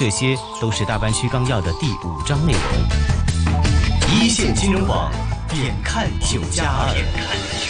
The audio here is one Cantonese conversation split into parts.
這些都是大灣區綱要的第五章內容。一線金融網，點看九加二。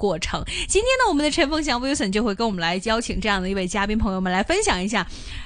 過程，今天呢，我們的陳鳳祥 Wilson 就會跟我們來邀請這樣的一位嘉賓，朋友們來分享一下。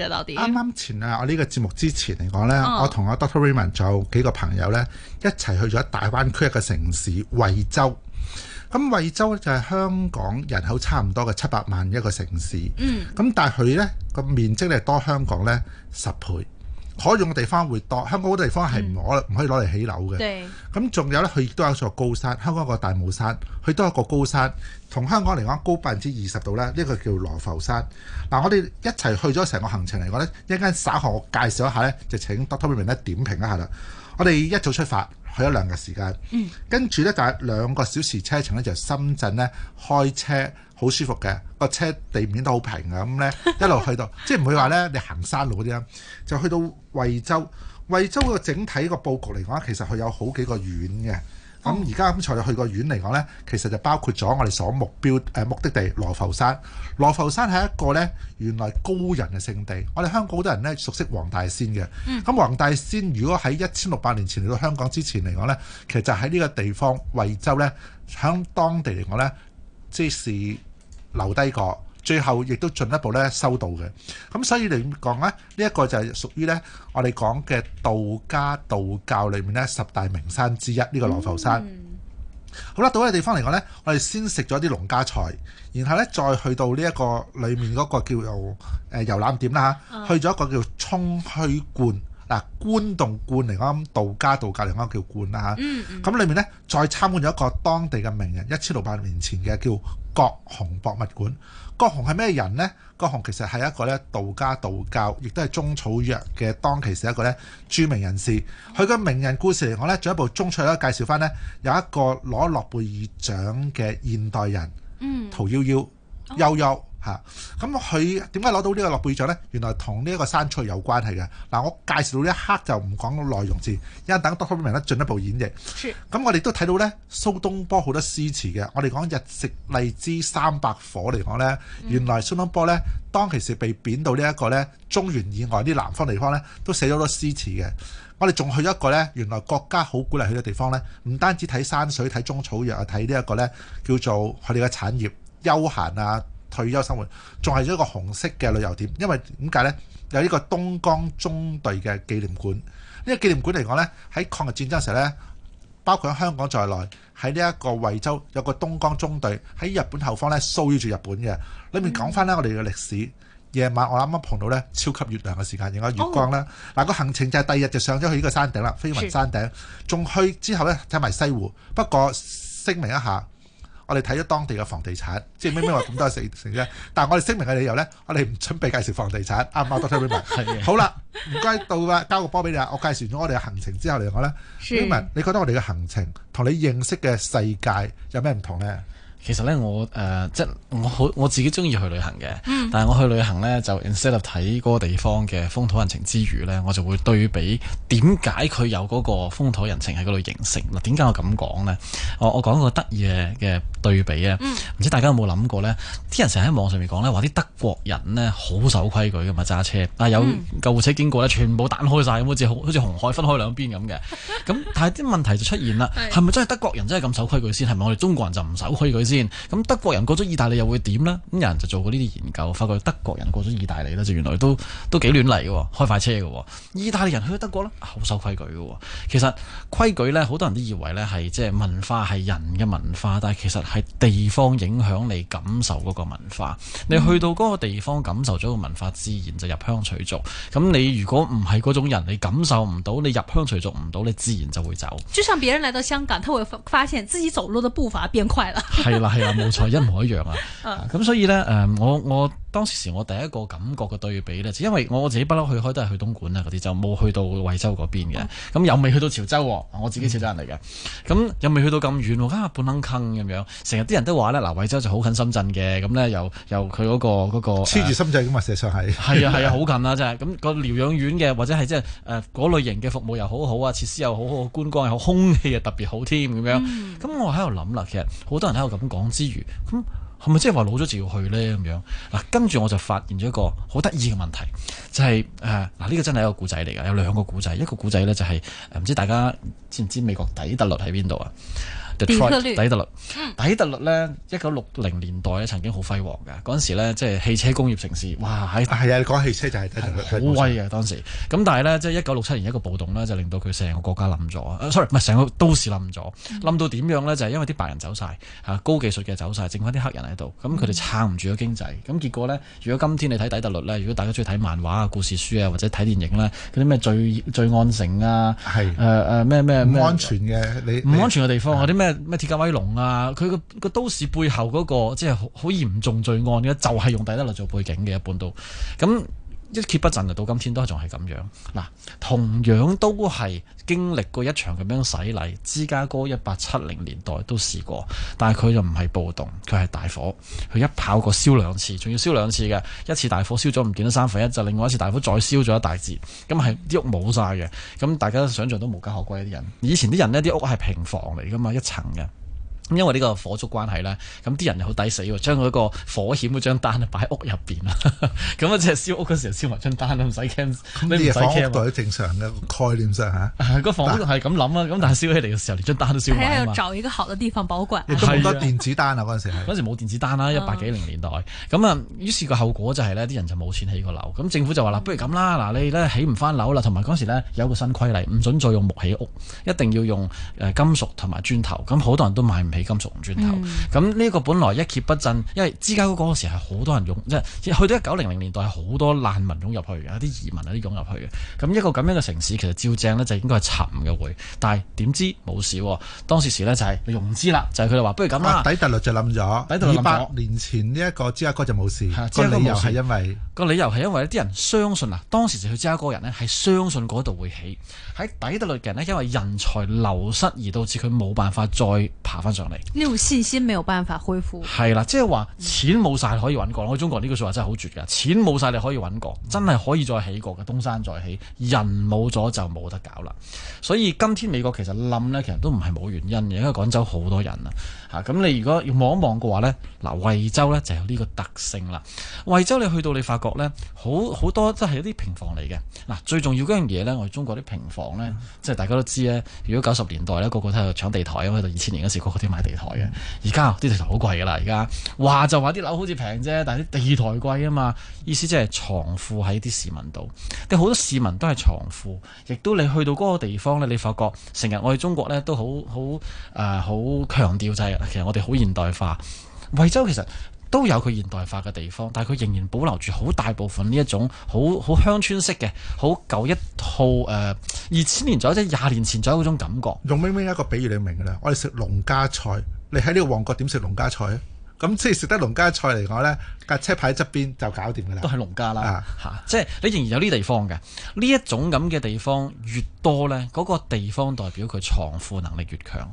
啱啱前啊，我呢個節目之前嚟講呢，Oh. 我同阿 Doctor Raymond 仲有幾個朋友呢，一齊去咗大灣區一個城市惠州。咁惠州就係香港人口差唔多嘅七百萬一個城市。嗯、mm.，咁但係佢呢個面積咧多香港呢，十倍。可用嘅地方會多，香港好多地方係唔可唔可以攞嚟起樓嘅。咁仲有呢，佢亦都有座高山，香港一個大帽山，佢都有一個高山，同香港嚟講高百分之二十度呢，呢個叫羅浮山。嗱，我哋一齊去咗成個行程嚟講呢，一間省行我介紹一下呢，就請 Doctor William 點評一下啦。我哋一早出發。去一兩日時間，跟住呢就兩個小時車程呢，就深圳呢開車好舒服嘅，個車地面都好平嘅，咁呢一路去到， 即係唔會話呢你行山路嗰啲啊，就去到惠州。惠州個整體個佈局嚟講，其實佢有好幾個縣嘅。咁而家咁在去個縣嚟講呢，其實就包括咗我哋所目標誒目的地羅浮山。羅浮山係一個呢原來高人嘅聖地。我哋香港好多人呢熟悉黃大仙嘅。咁、嗯、黃大仙如果喺一千六百年前嚟到香港之前嚟講呢，其實就喺呢個地方惠州呢，響當地嚟講呢，即是留低個。最後亦都進一步咧收到嘅。咁、嗯、所以嚟講咧，呢、這、一個就係屬於呢，我哋講嘅道家道教裏面呢十大名山之一呢，這個羅浮山。嗯、好啦，到咗地方嚟講呢，我哋先食咗啲農家菜，然後呢，再去到呢一個裏面嗰個叫做誒遊覽點啦，去咗一個叫沖虛觀啊，觀動觀嚟講，道家道教嚟講叫觀啦吓。咁、啊、裏、嗯嗯、面咧，再參觀咗一個當地嘅名人，一千六百年前嘅叫葛洪博物館。葛洪係咩人呢？葛洪其實係一個咧道家道教，亦都係中草藥嘅當其時一個咧著名人士。佢、嗯、嘅名人故事嚟講咧，進一步中草藥啦，介紹翻咧有一個攞諾貝爾獎嘅現代人，嗯、屠呦呦，呦呦。哦嚇、啊！咁佢點解攞到呢個諾貝爾獎呢？原來同呢一個山菜有關係嘅。嗱、啊，我介紹到呢一刻就唔講內容先，一陣等 Doctor Ming 呢咧進一步演繹。咁我哋都睇到呢，蘇東坡好多詩詞嘅。我哋講日食荔枝三百顆嚟講呢，原來蘇東坡呢，當其時被貶到呢一個呢中原以外啲南方地方呢，都寫咗好多詩詞嘅。我哋仲去一個呢，原來國家好鼓勵去嘅地方呢，唔單止睇山水、睇中草藥啊，睇呢一個呢，叫做佢哋嘅產業休閒啊。退休生活仲係一個紅色嘅旅遊點，因為點解呢？有呢個東江中隊嘅紀念館，呢、這個紀念館嚟講呢喺抗日戰爭時呢，包括香港在內，喺呢一個惠州有個東江中隊喺日本後方呢騷擾住日本嘅。裏面講翻呢，嗯、我哋嘅歷史夜晚，我啱啱碰到呢，超級月亮嘅時間，應該月光啦。嗱、哦、個行程就係第二日就上咗去呢個山頂啦，飛雲山頂，仲去之後呢，睇埋西湖。不過聲明一下。我哋睇咗當地嘅房地產，即係咩咩話咁多城市咧？ 但係我哋聲明嘅理由咧，我哋唔準備介紹房地產。啱唔啱？好啦，唔該到啦，交個波俾你啦。我介紹咗我哋嘅行程之後嚟講咧，你覺得我哋嘅行程同你認識嘅世界有咩唔同咧？其實咧，我誒、呃、即我好我自己中意去旅行嘅、嗯，但係我去旅行咧就 instead 睇嗰個地方嘅風土人情之餘咧，我就會對比點解佢有嗰個風土人情喺嗰度形成。嗱，點解我咁講咧？我我講個得意嘅嘅。對比啊，唔知大家有冇諗過呢？啲人成日喺網上面講呢，話啲德國人呢好守規矩㗎嘛，揸車，啊有救護車經過呢，全部彈開晒，咁，好似好似紅海分開兩邊咁嘅。咁 但係啲問題就出現啦，係咪真係德國人真係咁守規矩先？係咪我哋中國人就唔守規矩先？咁德國人過咗意大利又會點呢？咁有人就做過呢啲研究，發覺德國人過咗意大利呢，就原來都都幾亂嚟嘅，開快車嘅。意大利人去咗德國呢，好守規矩嘅。其實規矩呢，好多人都以為呢係即係文化係人嘅文化，但係其實。係地方影響你感受嗰個文化，你去到嗰個地方感受咗個文化，嗯、自然就入鄉隨俗。咁你如果唔係嗰種人，你感受唔到，你入鄉隨俗唔到，你自然就會走。就像別人嚟到香港，他會發發現自己走路的步伐變快了係、啊。係啦、啊，係啦，冇錯，一模一樣啊。咁 所以呢，誒，我我。當時時我第一個感覺嘅對比咧，就是、因為我自己不嬲去開都係去東莞啊嗰啲，就冇去到惠州嗰邊嘅。咁、嗯、又未去到潮州，我自己潮州人嚟嘅。咁、嗯、又未去到咁遠，嚇半坑坑咁樣。成日啲人都話咧，嗱、啊、惠州就好近深圳嘅，咁、嗯、咧又又佢嗰、嗰個黐住、嗰個、深圳咁嘛，實上係係啊係啊，好、啊啊啊、近啊真係。咁、咁個療養院嘅或者係即係誒嗰類型嘅服務又好好啊，設施又好，好好，好觀光又好，空氣又特別好添咁樣。咁、嗯嗯、我喺度諗啦，其實好多人喺度咁講之餘咁。係咪即係話老咗就要去呢？咁樣？嗱，跟住我就發現咗一個好得意嘅問題，就係誒嗱呢個真係一個古仔嚟㗎，有兩個古仔，一個古仔呢就係誒，唔知大家知唔知美國底特律喺邊度啊？Detroit，底特律，底特律咧，一九六零年代咧曾經好輝煌嘅。嗰陣時咧即係汽車工業城市，哇係係啊，你講汽車就係底特律，好威啊當時。咁但係咧，即係一九六七年一個暴動咧，就令到佢成個國家冧咗。誒、啊、sorry，唔係成個都市冧咗，冧、嗯、到點樣咧？就係、是、因為啲白人走晒，嚇高技術嘅走晒，剩翻啲黑人喺度，咁佢哋撐唔住個經濟。咁、嗯、結果咧，如果今天你睇底特律咧，如果大家中意睇漫畫啊、故事書啊或者睇電影咧，嗰啲咩罪罪案城啊，係誒誒咩咩唔安全嘅、呃、你唔安全嘅地方啲咩？咩鐵甲威龍啊？佢個個都市背後嗰、那個即係好嚴重罪案嘅，就係、是、用底特律做背景嘅，一般都咁。一蹶不振啊！到今天都仲係咁樣。嗱，同樣都係經歷過一場咁樣洗禮。芝加哥一八七零年代都試過，但係佢就唔係暴動，佢係大火。佢一跑過燒兩次，仲要燒兩次嘅。一次大火燒咗唔見得三分一，就另外一次大火再燒咗一大截。咁係啲屋冇晒嘅。咁大家想象都無家可歸啲人。以前啲人呢啲屋係平房嚟噶嘛，一層嘅。因為呢個火燭關係咧，咁啲人又好抵死喎，將嗰個火險嗰張單啊擺喺屋入面，啦，咁啊即係燒屋嗰時候就燒埋張單啦，唔使驚。咁你房袋正常嘅概念上嚇，啊嗰個房係咁諗啊，咁但係燒起嚟嘅時候連張單都燒埋。佢要找一個好嘅地方保管、啊。亦都好多電子單啊嗰陣時，嗰陣時冇電子單啦、啊，一百幾零年代。咁、嗯、啊，於是個後果就係呢啲人就冇錢起個樓。咁政府就話啦，不如咁啦，嗱你咧起唔翻樓啦，同埋嗰陣時有個新規例，唔准再用木起屋，一定要用誒金屬同埋磚頭。咁好多人都買唔。起金屬唔轉頭，咁、嗯、呢個本來一蹶不振，因為芝加哥嗰個時係好多人湧，即係去到一九零零年代係好多難民湧入去嘅，有啲移民啊啲湧入去嘅。咁一個咁樣嘅城市，其實照正呢就應該係沉嘅會，但係點知冇事。當時時呢就係融資啦，就係佢哋話不如咁啦、啊。底特律就諗咗，底特律百年前呢一個芝加哥就冇事，個理由係因為個理由係因為啲人相信啊，當時就去芝加哥嘅人呢係相信嗰度會起，喺底特律嘅人呢，因為人才流失而導致佢冇辦法再爬翻上。那種信心沒有辦法恢復，係啦，即係話錢冇晒可以揾過，我哋中國人呢句說話真係好絕嘅，錢冇晒你可以揾過，真係可以再起過嘅，東山再起，人冇咗就冇得搞啦。所以今天美國其實冧咧，其實都唔係冇原因嘅，因為廣州好多人啊，吓咁你如果要望一望嘅話咧，嗱惠州咧就有呢個特性啦。惠州你去到你發覺咧，好好多都係一啲平房嚟嘅，嗱最重要嗰樣嘢咧，我哋中國啲平房咧，即係大家都知咧，如果九十年代咧，個個都喺度搶地台，因為到二千年嗰時個買地台嘅，而家啲地台貴說說好貴噶啦，而家話就話啲樓好似平啫，但係啲地台貴啊嘛，意思即係藏富喺啲市民度，啲好多市民都係藏富，亦都你去到嗰個地方咧，你發覺成日我哋中國咧都好好誒，好強調就係、是，其實我哋好現代化，惠州其實。都有佢現代化嘅地方，但係佢仍然保留住好大部分呢一種好好鄉村式嘅好舊一套誒二千年左右，即係廿年前左右嗰種感覺。用明明一個比喻你明㗎啦？我哋食農家菜，你喺呢個旺角點食農家菜啊？咁即係食得農家菜嚟講呢，架車牌側邊就搞掂㗎啦。都係農家啦、啊、即係你仍然有呢地方嘅呢一種咁嘅地方越多呢，嗰個地方代表佢藏富能力越強。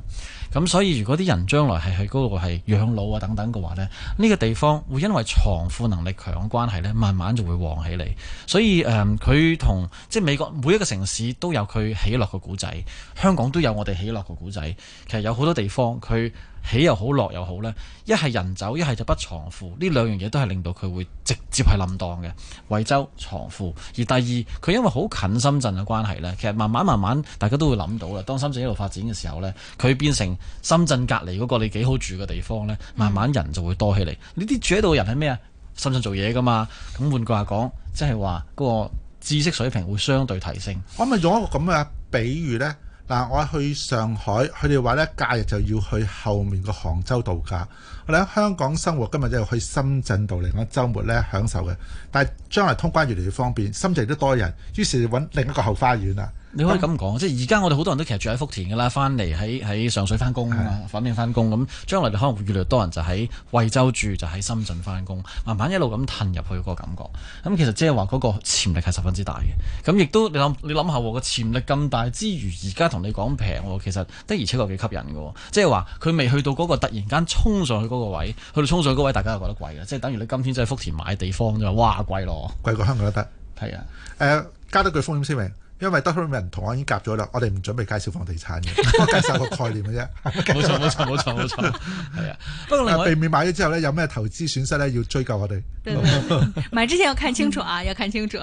咁所以如果啲人將來係去嗰度係養老啊，等等嘅話呢，呢、這個地方會因為藏富能力強關係呢，慢慢就會旺起嚟。所以誒，佢、呃、同即美國每一個城市都有佢起落嘅古仔，香港都有我哋起落嘅古仔。其實有好多地方佢起又好，落又好呢，一係人走，一係就不藏富，呢兩樣嘢都係令到佢會直接係冧檔嘅。惠州藏富，而第二佢因為好近深圳嘅關係呢，其實慢慢慢慢大家都會諗到啦。當深圳一路發展嘅時候呢，佢變成深圳隔離嗰個你幾好住嘅地方呢，慢慢人就會多起嚟。你啲住喺度嘅人係咩啊？深圳做嘢噶嘛。咁換句話講，即係話嗰個知識水平會相對提升。我咪、嗯、用一個咁嘅比喻呢。嗱，我去上海，佢哋話呢假日就要去後面個杭州度假。我哋喺香港生活，今日就去深圳度嚟我周末呢享受嘅。但係將來通關越嚟越方便，深圳都多人，於是揾另一個後花園啦。你可以咁講，即係而家我哋好多人都其實住喺福田嘅啦，翻嚟喺喺上水翻工粉嶺返翻工咁，將來你可能會越嚟越多人就喺惠州住，就喺深圳翻工，慢慢一路咁騰入去嗰個感覺。咁其實即係話嗰個潛力係十分之大嘅。咁亦都你諗你諗下喎，個潛力咁大之餘，而家同你講平喎，其實的而且確幾吸引喎。即係話佢未去到嗰、嗰個突然間衝上去嗰個位，去到衝上去嗰位，大家又覺得貴嘅，即係等於你今天真係喺福田買地方啫，哇貴咯，貴過香港都得。係啊、呃，加多句風險先。因為德魯門同我已經夾咗啦，我哋唔準備介紹房地產嘅，介紹個概念嘅啫。冇錯冇錯冇錯冇錯，係 啊。不過避免買咗之後咧，有咩投資損失咧，要追究我哋。對,對,對， 買之前要看清楚啊， 嗯、要看清楚。係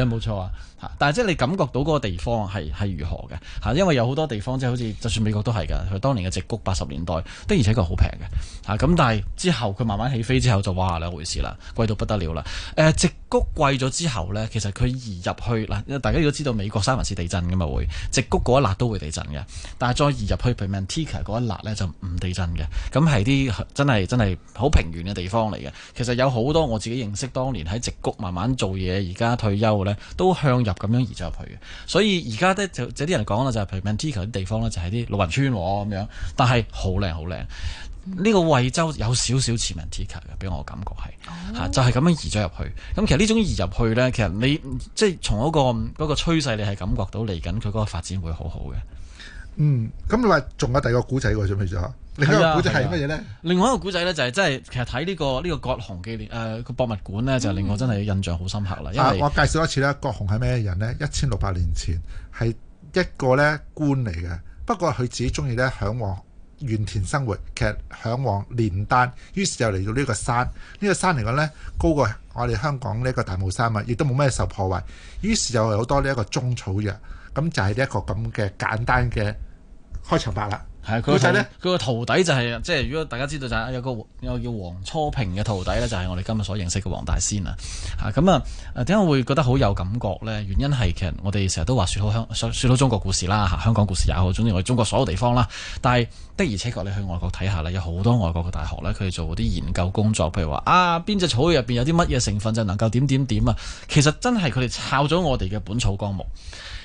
啊，冇、 啊、錯啊。但係即係你感覺到嗰個地方係係如何嘅，因為有好多地方，即係好似就算美國都係㗎，佢當年嘅矽谷八十年代的而且確好平嘅，咁但係之後佢慢慢起飛之後就哇，兩回事啦，貴到不得了啦。誒、呃、矽谷貴咗之後呢，其實佢移入去嗱，大家都知道美國三藩市地震㗎嘛會，矽谷嗰一粒都會地震嘅，但係再移入去 Mantika 嗰一粒呢，就唔地震嘅，咁係啲真係真係好平原嘅地方嚟嘅。其實有好多我自己認識，當年喺矽谷慢慢做嘢，而家退休呢，都向入。咁樣移咗入去嘅，所以而家咧就有啲人講啦，就係譬如，如 Mantika 啲地方咧，就係啲老人村咁樣，但係好靚好靚。呢、呢個惠州有少少似 Mantika 嘅，俾我感覺係、oh. 就係咁樣移咗入去。咁其實呢種移入去咧，其實你即係、就是、從嗰、嗰個嗰、嗰個趨勢，你係感覺到嚟緊佢嗰個發展會好好嘅。嗯，咁你話仲有第二個古仔喎？我準備咗，另一個古仔係乜嘢呢？啊啊？另外一個古仔呢，就係，即係其實睇呢、這個呢、這個葛洪紀念誒個博物館呢，就令我真係印象好深刻啦、嗯啊。我介紹一次呢，葛洪係咩人呢？一千六百年前係一個呢官嚟嘅，不過佢自己中意呢，向往原田生活，其實向往煉丹，於是就嚟到呢個山。呢、這個山嚟講呢，高過我哋香港呢個個大帽山啊，亦都冇咩受破壞。於是就有多呢一個中草藥，咁就係呢一個咁嘅簡單嘅。開場白啦，係啊！佢個徒，徒弟就係、是，即係如果大家知道就係、是、有個有個叫黃初平嘅徒弟咧，就係我哋今日所認識嘅黃大仙啊！咁啊，點解我會覺得好有感覺咧？原因係其實我哋成日都話說，說好香，說說好中國故事啦，吓香港故事也好，總之我哋中國所有地方啦。但係的而且確你去外國睇下咧，有好多外國嘅大學咧，佢哋做啲研究工作，譬如話啊，邊隻草入邊有啲乜嘢成分就能夠點點點啊！其實真係佢哋抄咗我哋嘅《本草綱目》，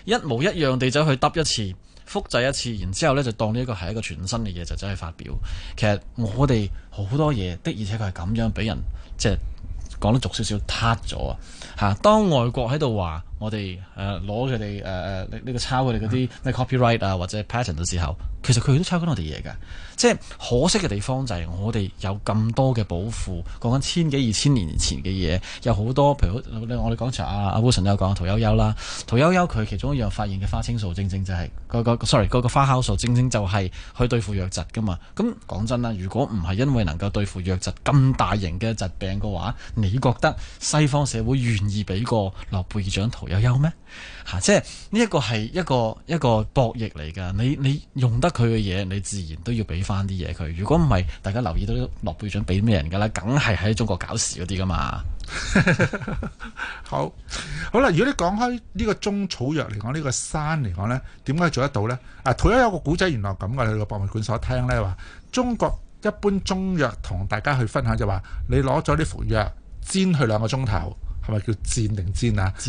一模一樣地走去揼一次。複製一次，然之後呢，就當呢一個係一個全新嘅嘢就走、是、去發表。其實我哋好多嘢的，而且佢係咁樣俾人即係講得俗少少撻咗啊！嚇，當外國喺度話。我哋誒攞佢哋誒呢個抄佢哋嗰啲 copyright 啊或者 patent 嘅時候，其實佢都抄緊我哋嘢㗎。即係可惜嘅地方就係我哋有咁多嘅保護，講緊千幾二千年前嘅嘢，有好多譬如我哋講場阿阿 Wilson 都有講屠呦呦啦，屠呦呦佢其中一樣發現嘅花青素，正正就係、是、嗰個，嗰個 sorry 嗰個花酵素，正正就係去對付瘧疾㗎嘛。咁講真啦，如果唔係因為能夠對付瘧疾咁大型嘅疾病嘅話，你覺得西方社會願意俾個諾貝爾獎屠？有休咩？嚇、啊！即係呢一個係一個一個博弈嚟噶。你你用得佢嘅嘢，你自然都要俾翻啲嘢佢。如果唔係，大家留意到諾貝爾獎俾咩人噶啦？梗係喺中國搞事嗰啲噶嘛。 好好啦，如果你講開呢個中草藥嚟講，呢、這個山嚟講呢，點解做得到呢？啊，同樣有個古仔，原來咁噶。去個博物館所聽呢話中國一般中藥同大家去分享就話，你攞咗呢副藥煎去兩個鐘頭，係咪叫煎定煎啊？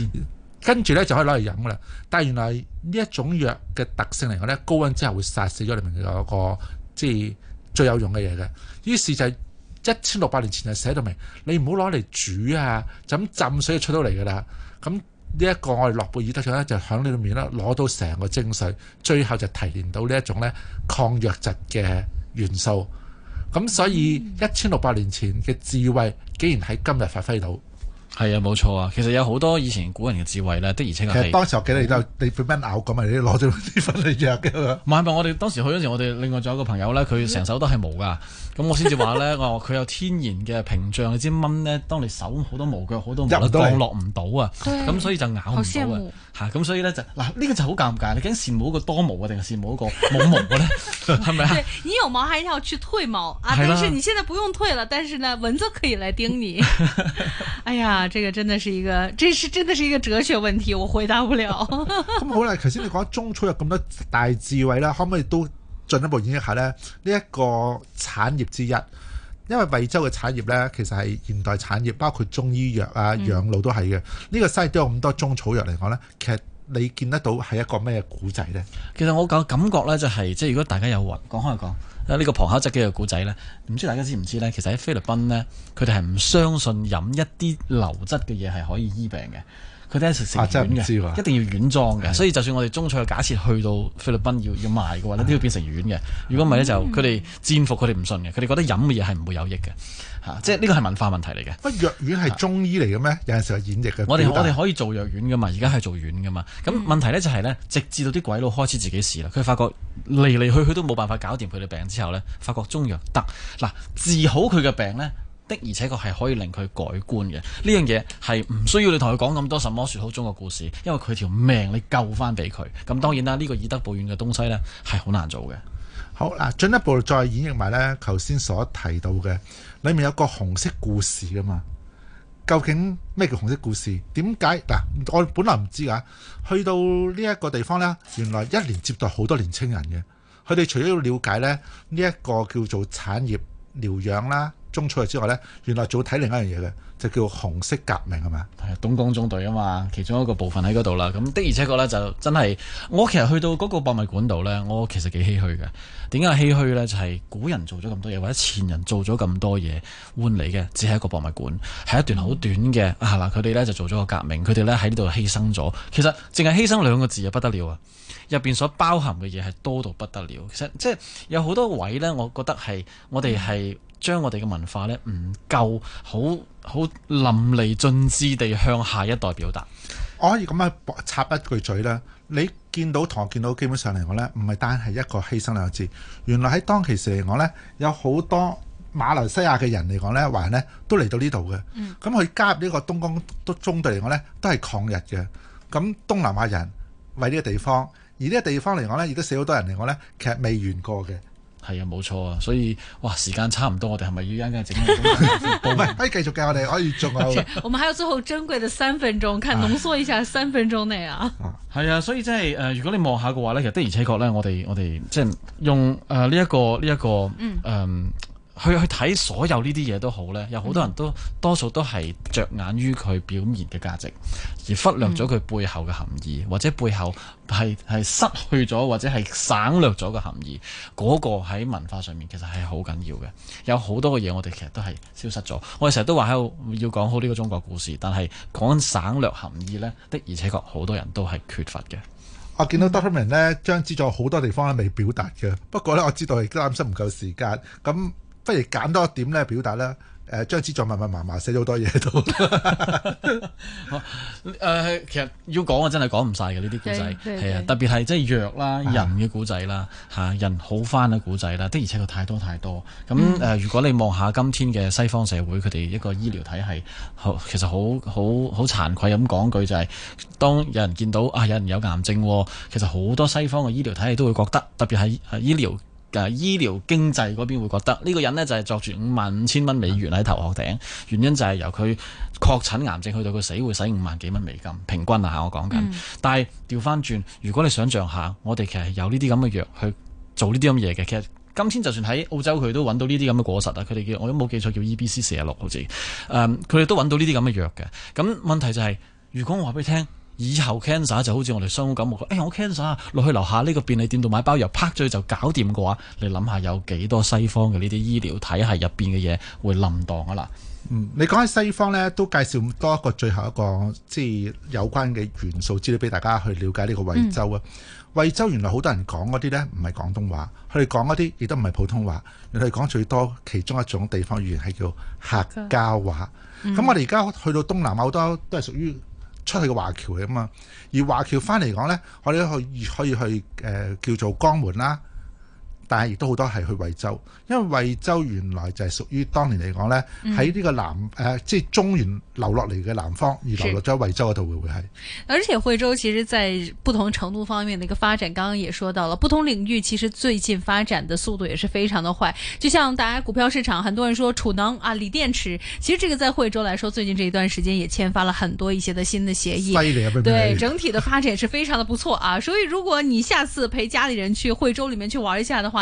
跟住咧就可以攞嚟飲噶啦，但係原來呢一種藥嘅特性嚟講咧，高溫之後會殺死咗裏面嗰個即係最有用嘅嘢嘅。於是就係一千六百年前就寫到明，你唔好攞嚟煮啊，就咁浸水就出到嚟噶啦。咁呢一個我哋諾貝爾得獎咧，就喺呢度面啦，攞到成個精髓，最後就提煉到呢一種咧抗藥疾嘅元素。咁所以一千六百年前嘅智慧，竟然喺今日發揮到。係啊，冇錯啊。其實有好多以前古人嘅智慧咧，的而且確。其實當時我記得、嗯、你就你俾蚊咬咁啊，你攞咗啲粉嚟藥嘅。唔係唔係，我哋當時去嗰時，我哋另外仲有個朋友咧，佢成手都係毛噶，咁、嗯、我先至話咧， 哦，佢有天然嘅屏障。你知蚊咧，當你手好多毛腳好多毛，多毛降落唔到啊。咁對、嗯、所以就咬唔到啊。吓，咁、嗯、所以咧就嗱，呢、這個就好尷尬。你驚羨慕一個多毛啊，定係羨慕一個冇毛嘅咧？ 對，你有毛還是要去退毛啊？但是你現在不用退了，但是呢，蚊子可以來叮你。 哎呀，這個真的是一個，這是真的是一個哲學問題，我回答不了。咁 好啦，頭先你講中草藥咁多大智慧啦，可唔可以都進一步演繹下呢？呢、這、一個產業之一，因為惠州嘅產業呢，其實係現代產業，包括中醫藥啊、養老都係嘅。呢、嗯這個西都有咁多中草藥嚟講呢。其實你見得到係一個咩古仔呢？其實我感覺呢、就係，就係即係如果大家有話講開講，嗱呢、呢個螃蟹汁嘅古仔呢，唔知大家知唔知呢？其實喺菲律賓呢，佢哋係唔相信飲一啲流質嘅嘢係可以醫病嘅。佢哋係食成丸嘅，一定要丸裝嘅。所以就算我哋中菜假設去到菲律賓要要賣嘅話呢，都要變成丸嘅。如果唔係咧，就佢哋戰服佢哋唔信嘅。佢哋覺得飲嘅嘢係唔會有益嘅。嚇，即係呢個係文化問題嚟嘅。乜藥丸係中醫嚟嘅咩？有陣時係演繹嘅。我哋我哋可以做藥丸噶嘛？而家係做丸噶嘛？咁問題咧就係咧，直至到啲鬼佬開始自己試啦。佢發覺嚟嚟去去都冇辦法搞掂佢哋病之後咧，發覺中藥得。嗱，治好佢嘅病咧。的，而且確係可以令佢改觀嘅，呢樣嘢係唔需要你同佢講咁多什麼說好中國故事，因為佢條命你救翻俾佢。咁當然啦，呢個以德報怨嘅東西呢係好難做嘅。好嗱，進一步再演繹埋呢，頭先所提到嘅裏面有個紅色故事噶嘛？究竟咩叫紅色故事？點解嗱？我本來唔知噶，去到呢一個地方呢，原來一年接待好多年青人嘅，佢哋除咗要了解呢，呢一個叫做產業療養啦。中出嚟之外呢，原來仲要睇另一樣嘢嘅，就叫紅色革命係嘛，啊？係東江中隊啊嘛，其中一個部分喺嗰度啦。咁的而且確呢，就真係我其實去到嗰個博物館度呢，我其實幾唏噓嘅。點解唏噓呢？就係、是、古人做咗咁多嘢，或者前人做咗咁多嘢，換嚟嘅只係一個博物館，係一段好短嘅係啦。佢、啊、哋呢就做咗個革命，佢哋呢喺呢度犧牲咗。其實淨係犧牲兩個字啊，不得了啊！入邊所包含嘅嘢係多到不得了。其實即係、就是、有好多位呢，我覺得係我哋係，將我哋嘅文化呢，唔夠好好淋漓盡致地向下一代表達。我可以咁樣插一句嘴啦：你見到同我見到基本上嚟講呢，唔係單係一個犧牲兩個字。原來喺當其時嚟講呢，有好多馬來西亞嘅人嚟講呢，話呢都嚟到呢度嘅。嗯，咁佢加入呢個東江都中隊嚟講呢，都係抗日嘅。咁東南亞人為呢個地方，而呢個地方嚟講呢，亦都死好多人嚟講呢，其實未完過嘅。係啊，冇錯啊，所以哇，時間差唔多，我哋係咪要一陣間整？唔 係， 可以繼續嘅，我哋可以仲有 我們還有最後珍貴的三分鐘，看濃縮一下三分鐘內啊！係啊， 啊，所以即係誒，如果你望下嘅話咧，其實的而且確咧，我哋我哋即係用誒呢一個呢一個，呃、嗯。去去睇所有呢啲嘢都好呢，有好多人都多數都係着眼於佢表面嘅價值，而忽略咗佢背後嘅含義，或者背後係係失去咗或者係省略咗嘅含義。嗰個喺文化上面其實係好緊要嘅，有好多嘅嘢我哋其實都係消失咗。我哋成日都話喺度要講好呢個中國故事，但係講省略含義呢，的而且確好多人都係缺乏嘅。我見到 Doctor Man 呢將資助好多地方係未表達嘅，不過呢，我知道係擔心唔夠時間咁。那不如揀多一點咧表達啦，誒、呃、將之再密密麻麻寫咗好多嘢喺度。誒、 啊，其實要講啊，這些真係講唔晒嘅呢啲古仔，係啊，特別係即係藥啦、人嘅古仔啦，嚇、啊、人好翻嘅古仔啦，的而且確太多太多。咁、嗯、誒，如果你望下今天嘅西方社會，佢哋一個醫療體系，好，其實好好好慚愧咁講句就係、是，當有人見到啊有人有癌症，其實好多西方嘅醫療體系都會覺得，特別係醫療。醫療經濟嗰邊會覺得呢個人呢就係作住五萬五千蚊美元喺頭殼頂，嗯、原因就係由佢確診癌症去到佢死會使五萬幾蚊美金，平均啊，我講緊、嗯。但係調翻轉，如果你想像下，我哋其實有呢啲咁嘅藥去做呢啲咁嘢嘅，其實今次就算喺澳洲佢都揾到呢啲咁嘅果實啊，佢哋叫我都冇記錯叫 EBC 四啊六好似，誒佢哋都揾到呢啲咁嘅藥嘅。咁問題就係，如果我話俾你聽。以後 cancer 就好似我哋傷風感冒，哎、欸、我 cancer 啊，落去樓下呢個便利店度買包油，又拍咗去就搞掂嘅話，你諗下有幾多西方嘅呢啲醫療體系入面嘅嘢會冧蕩啊啦？嗯，你講喺西方咧，都介紹多一個最後一個即係有關嘅元素資料俾大家去了解呢個惠州啊、嗯。惠州原來好多人講嗰啲咧唔係廣東話，佢哋講嗰啲亦都唔係普通話，佢哋講最多其中一種地方語言係叫客家話。咁、嗯、我哋而家去到東南亞好多都係屬於。出去嘅華僑嘅嘛，而華僑翻嚟講咧，我哋去可以去誒、呃、叫做江門啦。但係亦都好多係去惠州，因為惠州原來就係屬於當年嚟講咧，喺、嗯、呢個南誒即係中原流落嚟嘅南方，而流落咗惠州嗰度會唔會係？而且惠州其實在不同程度方面的一個發展，剛剛也說到了，不同領域其實最近發展的速度也是非常的快。就像大家股票市場，很多人說儲能啊、鋰電池，其實這個在惠州來說，最近這一段時間也簽發了很多一些的新的協議，對，整體的發展也是非常的不錯啊。 所以如果你下次陪家裏人去惠州裏面去玩一下的話。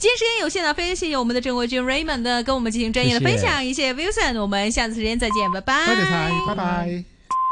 今天時間有限呢，非常謝謝我們的鄭國鈞 Raymond 跟我們進行專業的分享，謝謝 Wilson，我們下次時間再見，拜拜。拜拜拜拜拜拜。